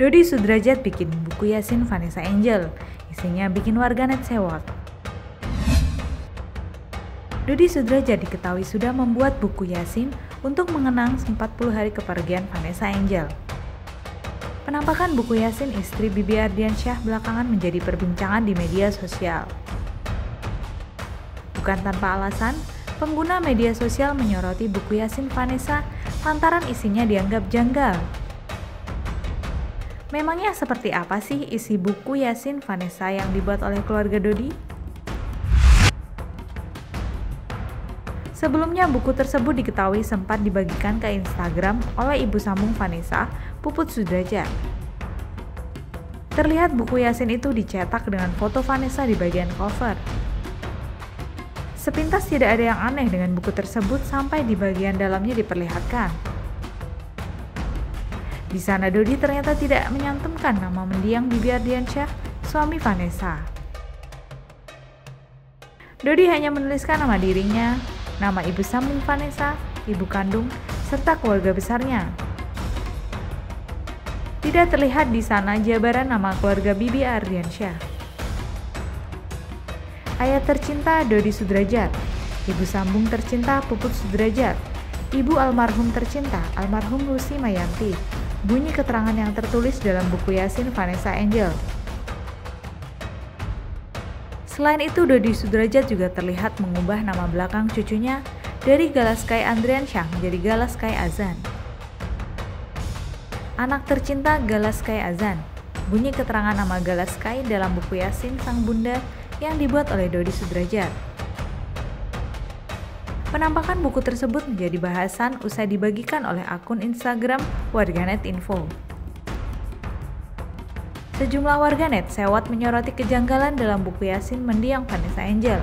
Dodi Sudrajat bikin buku Yasin Vanessa Angel, isinya bikin warganet sewot. Dodi Sudrajat diketahui sudah membuat buku Yasin untuk mengenang 40 hari kepergian Vanessa Angel. Penampakan buku Yasin istri Bibi Ardiansyah belakangan menjadi perbincangan di media sosial. Bukan tanpa alasan, pengguna media sosial menyoroti buku Yasin Vanessa lantaran isinya dianggap janggal Memangnya seperti apa sih isi buku Yasin Vanessa yang dibuat oleh keluarga Dodi? Sebelumnya buku tersebut diketahui sempat dibagikan ke Instagram oleh ibu sambung Vanessa, Puput Sudraja. Terlihat buku Yasin itu dicetak dengan foto Vanessa di bagian cover. Sepintas tidak ada yang aneh dengan buku tersebut sampai di bagian dalamnya diperlihatkan. Di sana Dodi ternyata tidak menyantumkan nama mendiang Bibi Ardiansyah, suami Vanessa. Dodi hanya menuliskan nama dirinya, nama ibu sambung Vanessa, ibu kandung, serta keluarga besarnya. Tidak terlihat di sana jabaran nama keluarga Bibi Ardiansyah. Ayah tercinta Dodi Sudrajat, ibu sambung tercinta Puput Sudrajat, ibu almarhum tercinta almarhum Lucy Mayanti, bunyi keterangan yang tertulis dalam buku Yasin Vanessa Angel. Selain itu, Dodi Sudrajat juga terlihat mengubah nama belakang cucunya dari Galaskai Andrian Syah menjadi Galaskai Azan. Anak tercinta Galaskai Azan, bunyi keterangan nama Galaskai dalam buku Yasin Sang Bunda yang dibuat oleh Dodi Sudrajat. Penampakan buku tersebut menjadi bahasan usai dibagikan oleh akun Instagram Warganet Info. Sejumlah warganet sewat menyoroti kejanggalan dalam buku Yasin mendiang Vanessa Angel.